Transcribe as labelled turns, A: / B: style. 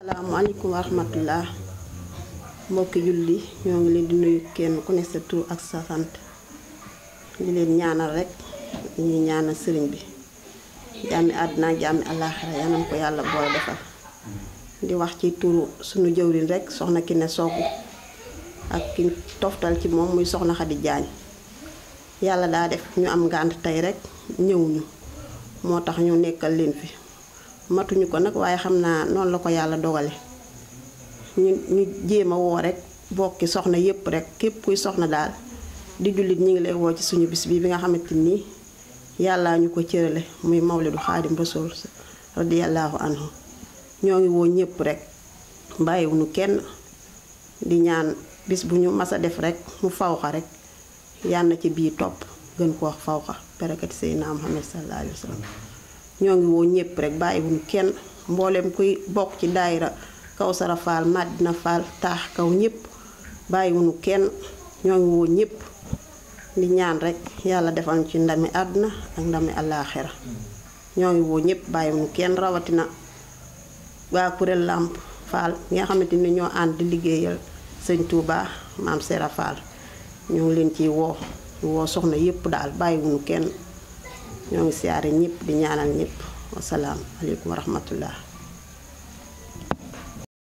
A: asalaamaaleykum wa rahmatullah mbokki julli ñoo ngi leen di nuyu kenn ku ne sa ak sa sant di leen ñaanal rek ñuy ñaanal sëriñ bi jàmmi àddina jàmmi àllaaxira yanam ko yàlla boole defal di wax ci turu sunu jëwriñ rek soxna ki ne ak ki toftal ci moom muy soxna Xadi Jaañ yàlla daa def ñu am ngànt tey rek ñëw ñu moo tax ñu nekkal leen fi matuñu ko nag waaye xam naa noonu la ko yàlla dogale ñu ñu jéem a woo rek bokki soxna yépp rek képp kuy soxna daal di jullit ñu ngi lay woo ci suñu bis bi bi nga xamante nii yàllaa ñu ko cërale muy du mawlidu xaadim rasul radiyallahu anhu ñoo ngi woo ñépp rek bàyyiwuñu kenn di ñaan bis bu ñu mas a def rek mu faw rek yàlla na ci biir topp gën ko wax fawxa barakati Seydina Muhammad sallallahu alayhi wa ñoo ngi woo ñëpp rek bàyyiwuñ kenn mboolem kuy bokk ci daayira Kawsara Fall màddina Fall taax kaw ñëpp bàyyiwuñu kenn ñoo ngi woo ñëpp di ñaan rek yàlla defal ci ndami àdduna ak ndami àllaaxira ñoo ngi woo ñëpp bàyyiwuñu kenn rawatina waa kuréel làmp Fall nga xamante ni ñoo ànd di liggéeyal sëñ Touba maam Sera Fall ñu ngi leen ci woo woo soxna yëpp daal bàyyiwuñu kenn. ñoo ngi siyaare ñëpp di ñaanal ñëpp wasalaam aleykum wa rahmatullah